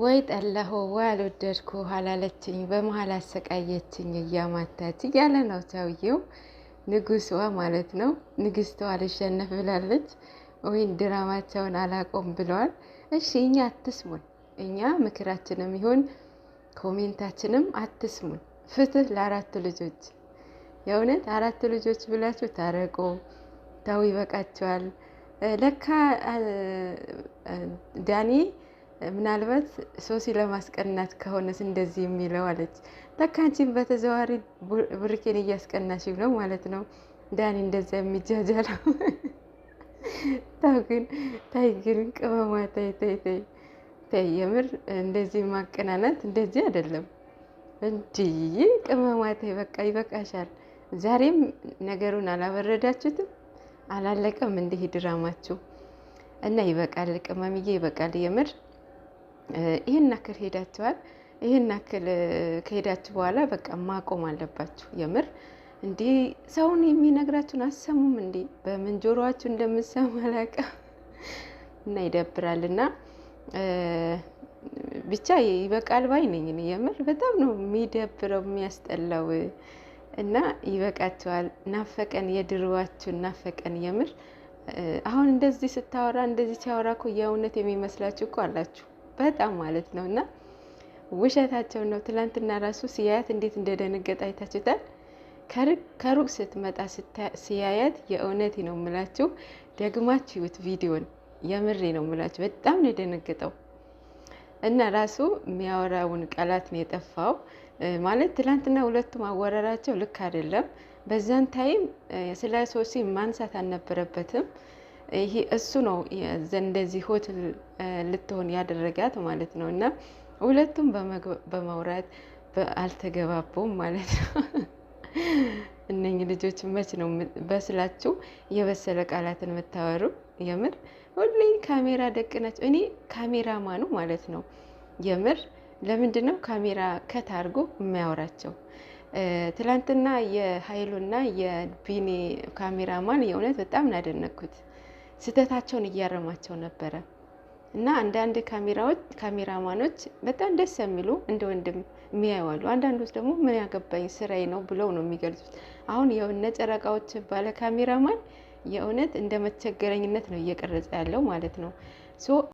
ወይ ጠላሆ ወይ አልወደድኩ አላለችኝ በመሀል አሰቃየችኝ እያማታች እያለ ነው ሰውየው። ንጉስዋ ማለት ነው። ንግስቷ አልሸነፍ ብላለች። ወይን ድራማቸውን አላቆም ብለዋል። እሺ እኛ አትስሙን፣ እኛ ምክራችንም ይሁን ኮሜንታችንም አትስሙን። ፍትህ ለአራት ልጆች የእውነት አራት ልጆች ብላችሁ ታረቁ። ተው ይበቃቸዋል። ለካ ዳኔ ምናልባት ሶሲ ለማስቀናት ከሆነስ እንደዚህ የሚለው አለች። ለካ አንቺን በተዘዋዋሪ ብሩኬን እያስቀናሽው ብለው ማለት ነው። ዳኒ እንደዚ የሚጃጃለው ታው ግን ታይ ግን ቅመማ ታይ ታይ ታይ ታይ የምር እንደዚህ ማቀናናት እንደዚህ አይደለም። እንዲህ ቅመማ ታይ በቃ ይበቃሻል። ዛሬም ነገሩን አላበረዳችሁትም። አላለቀም እንዲህ ድራማችሁ እና ይበቃል፣ ቅመምዬ ይበቃል የምር ይህን ያክል ሄዳችኋል፣ ይህን ያክል ከሄዳችሁ በኋላ በቃ ማቆም አለባችሁ። የምር እንዲህ ሰውን የሚነግራችሁን አሰሙም እንዲ በምን ጆሮአችሁ እንደምሰማ አላውቅም። እና ይደብራል እና ብቻ ይበቃል ባይ ነኝ። የምር በጣም ነው የሚደብረው የሚያስጠላው። እና ይበቃችኋል፣ ናፈቀን፣ የድሮዋችሁን ናፈቀን። የምር አሁን እንደዚህ ስታወራ እንደዚህ ሲያወራ እኮ የእውነት የሚመስላችሁ እኮ አላችሁ በጣም ማለት ነው። እና ውሸታቸው ነው። ትላንትና ራሱ ሲያያት እንዴት እንደደነገጠ አይታችሁታል። ከሩቅ ስትመጣ ሲያያት የእውነቴ ነው ምላችሁ፣ ደግማችሁ ይዩት ቪዲዮን። የምሬ ነው ምላችሁ፣ በጣም ነው የደነገጠው። እና ራሱ የሚያወራውን ቃላት ነው የጠፋው። ማለት ትላንትና ሁለቱም አወራራቸው ልክ አይደለም። በዛን ታይም ስለ ሶሲ ማንሳት አልነበረበትም። ይሄ እሱ ነው እንደዚህ ሆቴል ልትሆን ያደረጋት ማለት ነው። እና ሁለቱም በማውራት አልተገባቡም ማለት ነው። እነኝህ ልጆች መች ነው በስላችሁ የበሰለ ቃላትን የምታወሩ? የምር ሁሌ ካሜራ ደቅናችሁ እኔ ካሜራ ማኑ ማለት ነው። የምር ለምንድን ነው ካሜራ ከት አድርጎ የማያወራቸው? ትላንትና የሀይሉና የቢኔ ካሜራማን የእውነት በጣም ናደነኩት። ስህተታቸውን እያረማቸው ነበረ እና አንዳንድ ካሜራዎች ካሜራማኖች በጣም ደስ የሚሉ እንደ ወንድም የሚያዩ አሉ። አንዳንዶች ደግሞ ምን ያገባኝ ስራዬ ነው ብለው ነው የሚገልጹት። አሁን የእነ ጨረቃዎች ባለ ካሜራማን የእውነት እንደ መቸገረኝነት ነው እየቀረጸ ያለው ማለት ነው ሶ